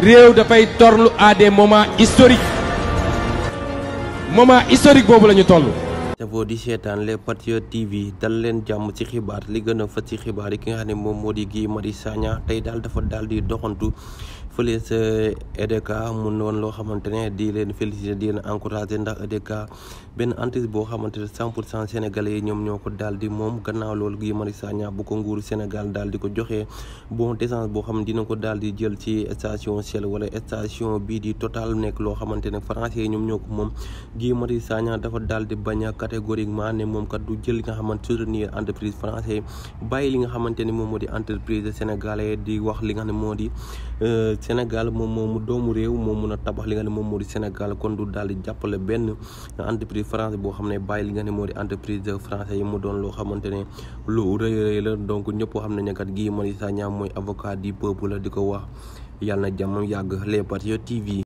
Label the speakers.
Speaker 1: réew dafay torlu à des moments historiques moment historique boobu la ñu toll
Speaker 2: info di seetaan les patriotes tv dal leen jàmm ci xibaar li gën a fës ci xibaar yi ki xam ne moom e loo xamante ne di leen féliciter di leen encourager ndax EDK benn entreprise boo ne 100 pour cent sénégalais yi ñoom ñoo ko daal di moom gannaaw loolu Guy Marius Sagna bu ko nguuru Sénégal daal ko joxee bon d'essence boo xam ne ko daal di jël ci station Shell wala station bii di Total nekk loo xamante ne français yi ñoom dafa daal di bañ a catégoriquement ne moom kat du jël li nga xamante soutenir entreprise français bàyyi li nga xamante ni moom moo di entreprise sénégalais di wax li nga xam ne moo di euh, Sénégal moom moomu doomu réew moo mun a tabax li nga ne moom moo di Sénégal kon du daal di jàppale benn entreprise français boo xam ne bàyyi li nga xam ne moo di entreprise français yi mu doon loo xamante ne lu rëy
Speaker 3: rëy la donc ñëpp xam nañu kat Guy Marius Sagna mooy avocat du peuple la di ko wax yàlla na jàmm yàgg les patriotes TV